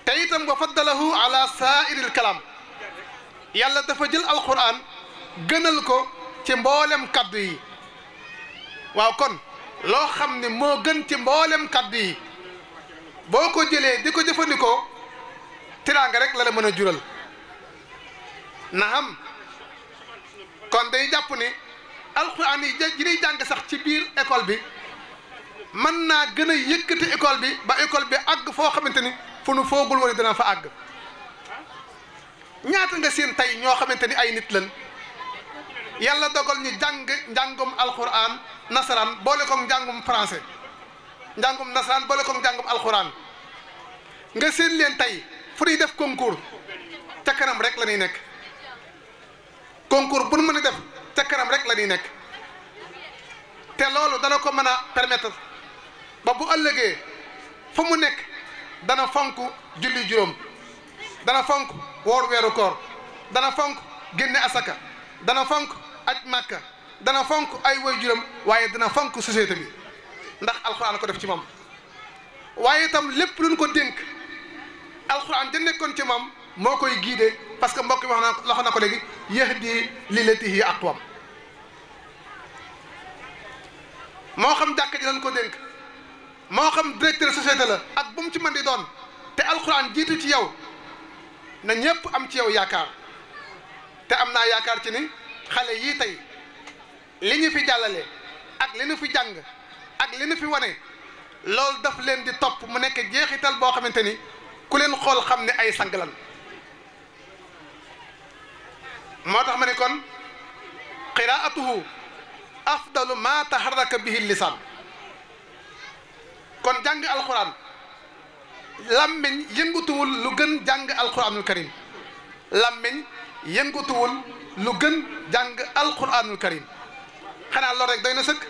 te itam wa faddalahu ala saairil kalaam yàlla dafa jël alquran gënal ko ci mboolem kaddu yi waaw kon loo xam ne moo gën ci mboolem kaddu yi boo ko jëlee di ko jëfandikoo tiraanga rek la la mën a jural na xam kon day jàpp ne alxuraan yi ji ñuy jàng sax ci biir école bi mën naa gën a yëkkati école bi ba école bi àgg foo xamante ni fu nu foogul woon dana fa àgg ñaata nga seen tey ñoo xamante ni ay nit lan yàlla dogal ñu jàng njàngum alquran nasaraan boole koom njàngum français njàngum nasaraan boole koog njàngum alquran nga seen leen tey fu ñuy def concours ca kanam rek la ñuy nekk concours bu nu mën a def ca kanam rek la ñuy nekk te loolu dana ko mën a permettre ba bu ëllëgee fu mu nekk dana fonk julli juróom dana fonk woor weeru koor dana fonk génne asaka dana fonk ak màkka dana fonk ay waajuram waye dana fonk société bi ndax alxuraan ko def ci mom waye tam lépp luñ ko dénk alxuraan ja nekkon ci mom moo koy guider parce que mbokk bi wax na loxo na ko legi yahdi lillatihi aqwam mo xam dak ji lañ ko dénk mo xam directeur société la ak bu mu ci mën di doon te alxuraan jitu ci yow na ñëpp am ci yow yaakar te amna yaakar ci ni xale yii tey li ñu fi jàllale ak li ñu fi jàng ak li ñu fi wane loolu daf leen di topp mu nekk jeexital boo xamante ni ku leen xool xam ni ay sang moo tax ma ne kon qiraatuhu afdalu ma taharraka bihi lisaan kon jàng alxuraan làmmiñ yëngutuwul lu gën jàng alquranul karim làmmiñ yëngutuwul lu gën jàng alquranul karim xanaa loolu rek doy na sëkk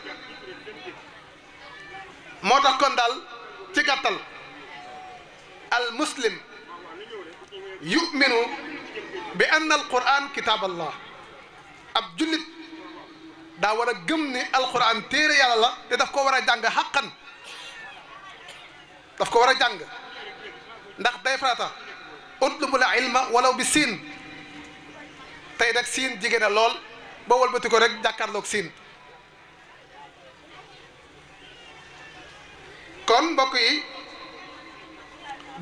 moo tax kon daal ci gàttal al muslim yuminu bi ann alquran kitab allah ab jullit daa war a gëm ni alquran téere yàlla la te daf ko war a jàng xàqan daf ko war a jàng ndax day farata utlubul ilma walaw bi siin tey nag siin jigéen a lool ba wëlbati ko rek jàkkaarloog siin kon mbokk yi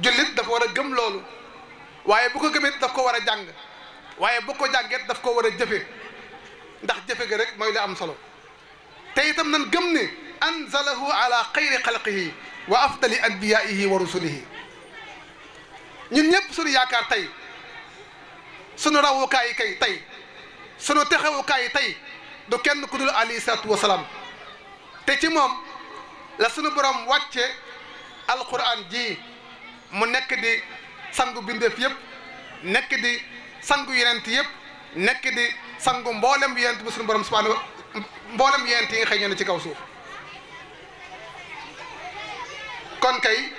jullit dafa war a gëm loolu waaye bu ko gëmee daf ko war a jàng waaye bu ko jàngeet daf ko war a jëfe ndax jëfe gi rek mooy la am solo te tam nan gëm ni anzalahu ala xayri xalqihi wa afdali anbiyaihi wa rusulihi ñun ñëpp suñu yaakaar tey sunu rawukaay kay tey sunu texewukaay tey du kenn ku dul alayhi salaatu wasalaam te ci moom la sunu borom wàcce alquran ji mu nekk di sangu bindeef yëpp nekk di sangu yonent yëpp nekk di sangu mboolem yonent bu sunu borom subhaanahu mboolem yonent yi nga xëy ci kaw suuf kon kay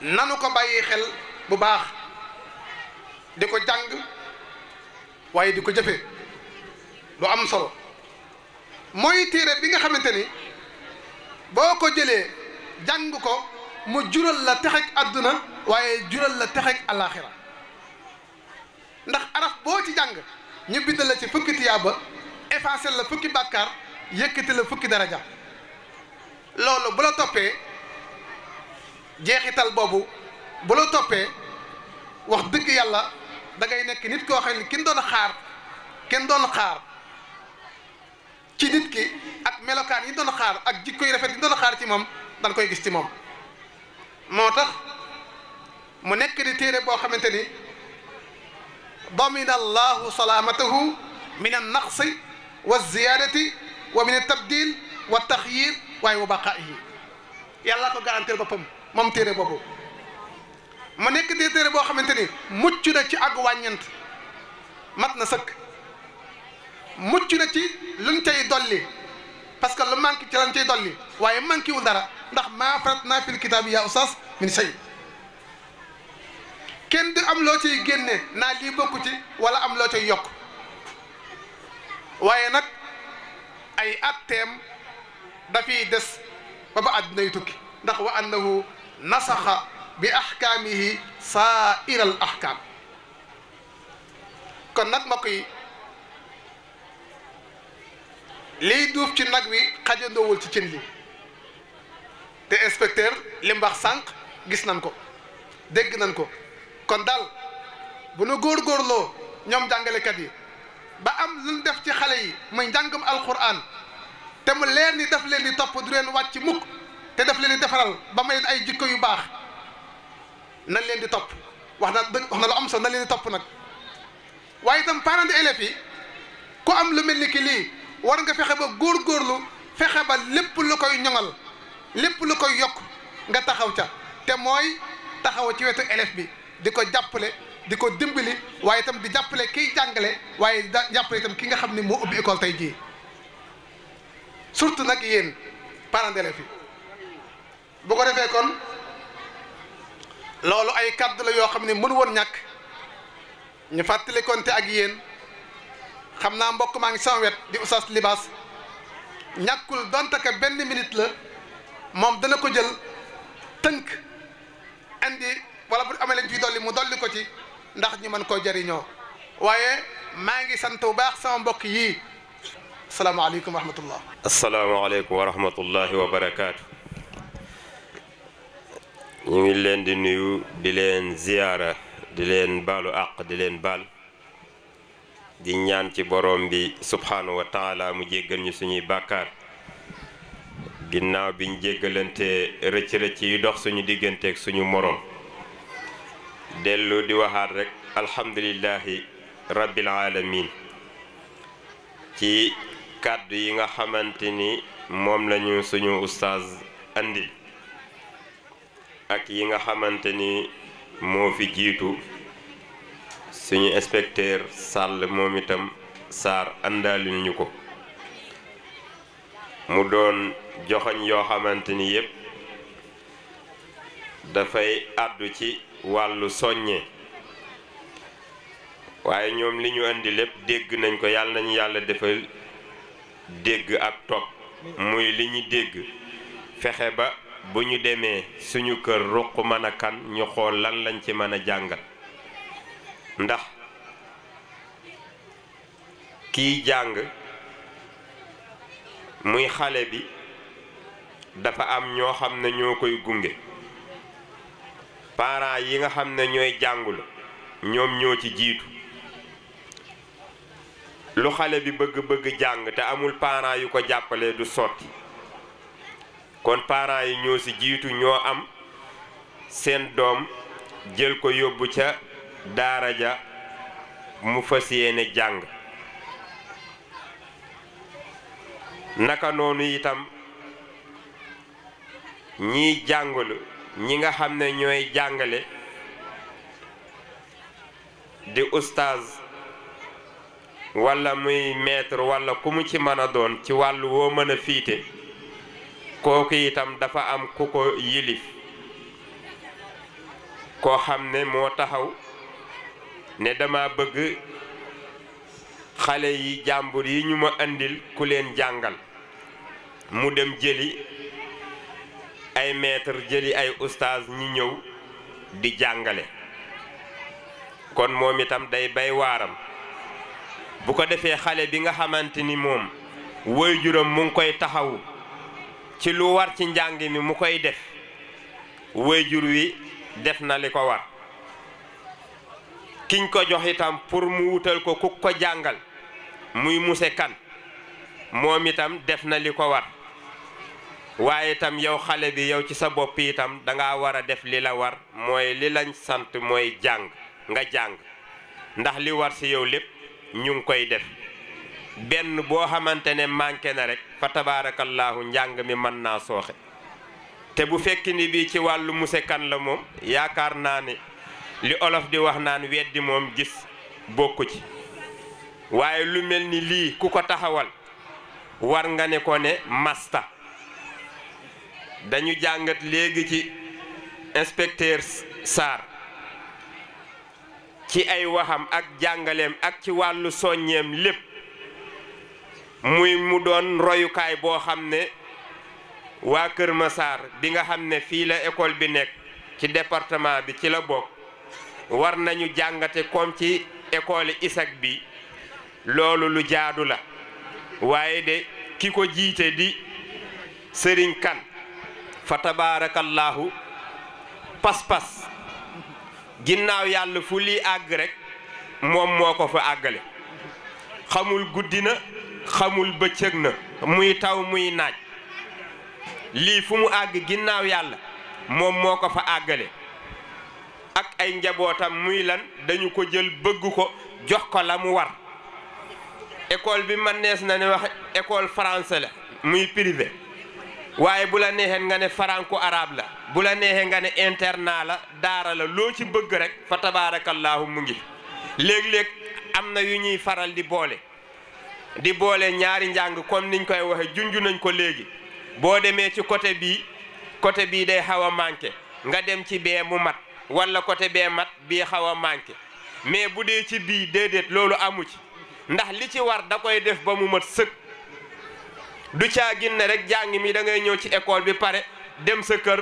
nanu ko bàyyi xel bu baax. diko jàng waye diko ko lu am solo moy téere bi nga xamanteni boko jëlé jàng ko mu jural la texeg aduna waye jural la texeg alakhirah ndax araf bo ci jàng ñu bindal la ci fukki tiyaba effacer la fukki bakkar yëkkati la fukki daraja lolu bu la topé jeexital bobu bu la topé wax deug yàlla da ngay nekk nit ko xamni kin kenn doon xaar kenn doon xaar ci nit ki ak melokan yi doon xaar ak jikko yi rafet yi doon xaar ci mom dañ koy gis ci mom motax mu nek di téré bo xamanteni ni damina allahu salaamatahu min an naqsi wa ziyaadati wa min tabdil wa taxyir waaye wa baqaa'ihi yàlla ko garantir boppam moom téere boobu ma nekk di téere boo xamante ni mucc na ci àgg wàññent mat na sëkk mucc na ci luñ cay dolli parce que lu manqué ci lañ cay dolli waaye manqué dara ndax maa faratnaa fil kitaabi yaa ustaas min shay kenn du am loo ciy génne naa lii bokku ci wala am loo cay yokk waaye nag ay atteem dafiy des ba ba àdduna yu tukki ndax wa annahu nasaxa bi yi saa iral ahkaam kon nag mbokk yi liy duuf ci nag wi xajandoowul ci cin li te inspecteur li mbax sànq gis nañ ko dégg nañ ko kon daal bu nu góorgóorloo ñoom jàngalekat yi ba am lu ñu def ci xale yi muy njàngum alquran te mu leer ni daf leen di topp du leen wàcc mukk te daf leen di defaral ba may ay jikko yu baax nan leen di topp wax na wax na lu am so nan leen di topp nag waaye itam parents d'élèves yi ku am lu mel ni ki lii war nga fexe ba góor góorgóorlu fexe ba lépp lu koy ñoŋal lépp lu koy yokk nga taxaw ca te mooy taxaw ci wetu élève bi di ko jàppale di ko dimbali waaye itam di jàppale kiy jàngale waaye da jàppale itam ki nga xam ni moo ubbi école tey jii surtout nag yéen parents d'élèves yi bu ko defee kon. loolu ay kàddu la yoo xam ne mënu woon ñàkk ñu fàttali konte ak yéen xam naa mbokk maa ngi sama wet di Oustaz Libaas ñàkkul donte ka benn minute la moom dana ko jël tënk andi wala bu amee lañ fi dolli mu dolli ko ci ndax ñi mën ko jariñoo waaye maa ngi sant bu baax sama mbokk yii asalaamaaleykum wa rahmatullah asalaamaaleykum wa rahmatullahi wa barakaatu ñu ngi leen di nuyu di leen ziyaara di leen baalu àq di leen baal gi ñaan ci borom bi subhaanahu wa mu jéggal ñu suñuy bàkkaar ginnaaw biñ jéggalante rëcc-rëcc yi dox suñu digganteeg suñu moroom dellu di waxaat rek alhamdulillahi rabbil alamin ci kàddu yi nga xamante ni moom lañu suñu ustaaz andil ak yi nga xamante ni moo fi jiitu suñu inspecteur sàll moom itam Sarr àndaali ñu ko mu doon joxoñ yoo xamante ni yépp dafay àddu ci wàllu soññee waaye ñoom li ñu indi lépp dégg nañ ko yàlla nañu yàlla defal dégg ak topp muy li ñu dégg fexe ba bu ñu demee suñu kër ruq mën a kan ñu xool lan lañ ci mën a jàngat ndax kiy jàng muy xale bi dafa am ñoo xam ne ñoo koy gunge parents yi nga xam ne ñooy jàngul ñoom ñoo ci jiitu lu xale bi bëgg-bëgg jàng te amul parents yu ko jàppale du sotti kon parents yi ñoo ci jiitu ñoo am seen doom jël ko yóbbu ca daara ja mu fas yéene jàng naka noonu itam ñiy jàngalu ñi nga xam ne ñooy jàngale di ustaaz walla muy maître walla ku mu ci mën a doon ci wàllu woo mën a fiite kooku yitam dafa am ku ko yilif koo xam ne moo taxaw ne dama bëgg xale yi jàmbur yi ñu ma indil ku leen jàngal mu dem jëli ay maître jëli ay ustaas ñi ñëw di jàngale kon moom itam day bay waaram bu ko defee xale bi nga xamante ni moom woy juróom mu koy taxawu ci lu war ci njàng mi mu koy def wéyjur wi def na li ko war kiñ ko jox itam pour mu wutal ko ku ko jàngal muy muse kan moom itam def na li ko war waaye itam yow xale bi yow ci sa bopp itam danga war a def li la war mooy li lañ sant mooy jàng nga jàng ndax li war si yow lépp ñu koy def benn boo xamante ne manqué na rek fa tabaarakallaahu njàng mi mën naa sooxe te bu fekki ni bii ci wàllu muse kan la moom yaakaar naa ne li olof di wax naan weddi moom gis bokku ci waaye lu mel ni lii ku ko taxawal war nga ne ko ne masta dañu jàngat léegi ci inspecteur Sarr ci ay waxam ak jàngaleem ak ci wàllu soññeem lépp muy mu doon royukaay boo xam ne waa kër masaar bi nga xam ne fii la école bi nekk ci département bi ci la bokk war nañu jàngate comme ci école isak bi loolu lu jaadu la waaye de ki ko jiite di sëriñ kan fa tabaarakallahu pas-pas ginnaaw yàlla fu lii àgg rek moom moo ko fa àggale xamul guddi na xamul ba bëccëg na muy taw muy naaj lii fu mu àgg ginnaaw yàlla moom moo ko fa àggale ak ay njabootam muy lan dañu ko jël bëgg ko jox ko la mu war école bi man nees na ne wax école français la muy privé waaye bu la neexee nga ne franco araab la bu la neexee nga ne internat la daara la loo ci bëgg rek fa tabaarakallaahu mu ngi léeg-léeg am na yu ñuy faral di boole di boole ñaari njàng comme niñ koy waxe junj nañ ko léegi boo demee ci côté bi côté bii day xaw a manqué nga dem ci bee mu mat wala côté bee mat bii xaw a manqué mais bu dee ci bii déedéet loolu amu ci ndax li ci war da koy def ba mu mat sëg du caagin ne rek jàng mi da ngay ñëw ci école bi pare dem sa kër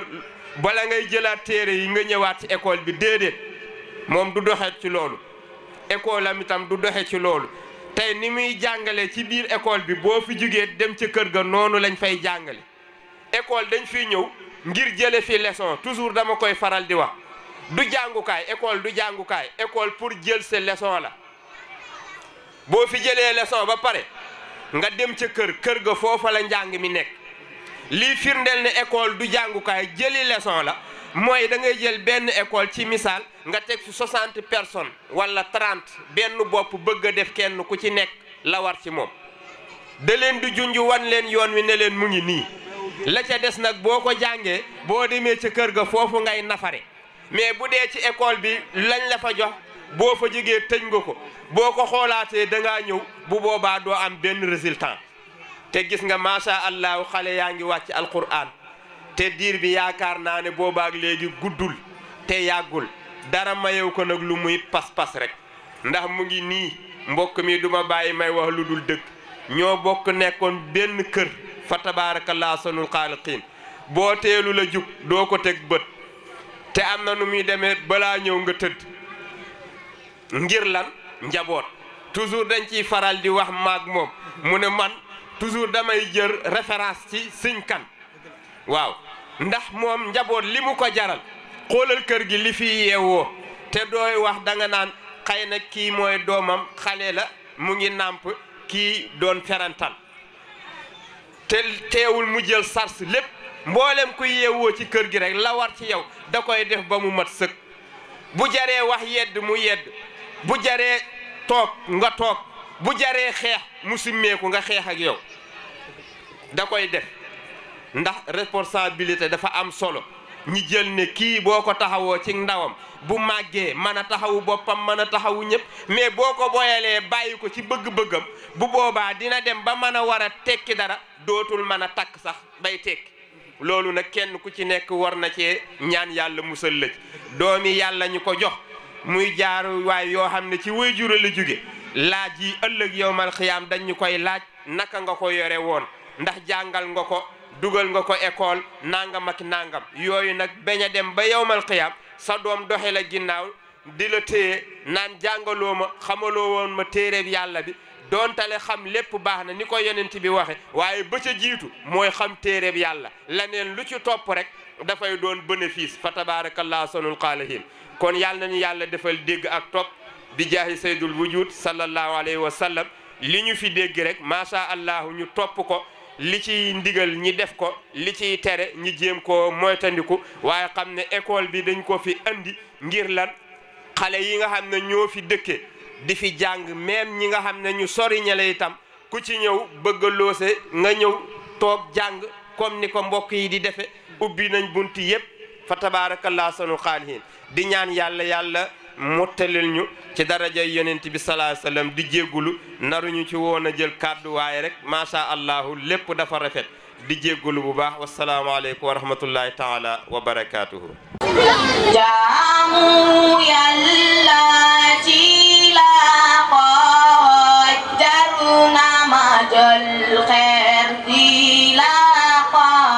bala ngay jëlaat téere yi nga ñëwaat ci école bi déedéet moom du doxe ci loolu école am itam du doxe ci loolu tay ni muy jàngale ci biir école bi bo fi jugee dem ci kër ga noonu lañ fay jangalé école dañ fi ñëw ngir jëlé fi leçon toujours dama koy faral di wax du kay école du kay école pour jël sa leçon la bo fi jëlé leçon ba paré nga dem ci kër kër ga foofa la njàng mi nek li firndel né école du kay jëli leçon la mooy da ngay jël benn école ci misaal nga teg fi 60 personnes wala 30 benn bopp bëgg a def kenn ku ci nekk la war ci moom da leen di junj wan leen yoon wi ne leen mu ngi nii la ca des nag boo ko jàngee boo demee ca kër ga foofu ngay nafare mais bu dee ci école bi lañ la fa jox boo fa jógee tëñ nga ko boo ko xoolaatee da ngaa ñëw bu boobaa doo am benn résultat te gis nga macha allahu xale yaa ngi wàcc alquran te diir bi yaakaar naa ne boobaak léegi guddul te yàggul dara mayew ko nag lu muy pas-pas rek ndax mu ngi nii mbokk mi duma bàyyi may wax lu dul dëkk ñoo bokk nekkoon benn kër fa tabaarakallaa sanul xaaliqiin boo teelu la jug doo ko teg bët te am na nu muy demee balaa ñëw nga tëdd ngir lan njaboot toujours dañ ciy faral di wax maag moom mu ne man toujours damay jër référence ci sëñ kan waaw ndax moom njaboot li mu ko jaral xoolal kër gi li fi yeewoo te dooy wax danga naan xëy na kii mooy doomam xale la mu ngi nàmp kii doon ferantal te teewul mu jël sars lépp mboolem ku yeewoo ci kër gi rek la war ci yow da koy def ba mu mat sëkk bu jaree wax yedd mu yedd bu jaree toog nga toog bu jaree xeex mu simmeeku nga xeex ak yow da koy def ndax responsabilité dafa am solo ñi jël ne kii boo ko taxawoo ci ndawam bu màggee mën a taxawu boppam mën a taxawu ñëpp mais boo ko boyalee bàyyi ko ci bëgg-bëggam bu boobaa dina dem ba mën a war a tekki dara dootul mën a takk sax bay tekki loolu nag kenn ku ci nekk war na cee ñaan yàlla musal la ci doomi yàlla ñu ko jox muy jaaru waay yoo xam ne ci waajur la jóge laaj yi ëllëg yowmal xiyaam dañ koy laaj naka nga ko yore woon ndax jàngal nga ko dugal nga ko école nangam ak nangam yooyu nag bañ a dem ba yowmal xiyaam sa doom doxe la ginnaaw di la téye naan jàngaloo ma xamaloo woon ma téereb yàlla bi doontale xam lépp baax na ni ko yonent bi waxe waaye ba jiitu mooy xam téereb yàlla laneen lu ci topp rek dafay doon bénéfice fa tabarakallah sanul qaalihin kon yàlla nañu yàlla defal dégg ak topp bi jaahi saydul wujud sallallahu alayhi wa sallam li ñu fi dégg rek macha allah ñu topp ko li ciy ndigal ñi def ko li ciy tere ñi jéem ko moytandiku waaye xam ne école bi dañ ko fi andi ngir lan xale yi nga xam ne ñoo fi dëkke di fi jàng même ñi nga xam ne ñu sori itam ku ci ñëw bëgg loose nga ñëw toog jàng comme ni ko mbokk yi di defe ubbi nañ bunt yépp fa tabaarakallaa sanu xaalihin di ñaan yàlla yàlla mottalil ñu ci darajay yonent bi salaa sallam di jéggulu naruñu ci woon a jël kàddu waaye rek macha allahu lépp dafa rafet di jéggulu bu baax wasalaamualeykum wa rahmatullahi taala wa barakaatuhu jaamu yàlla ci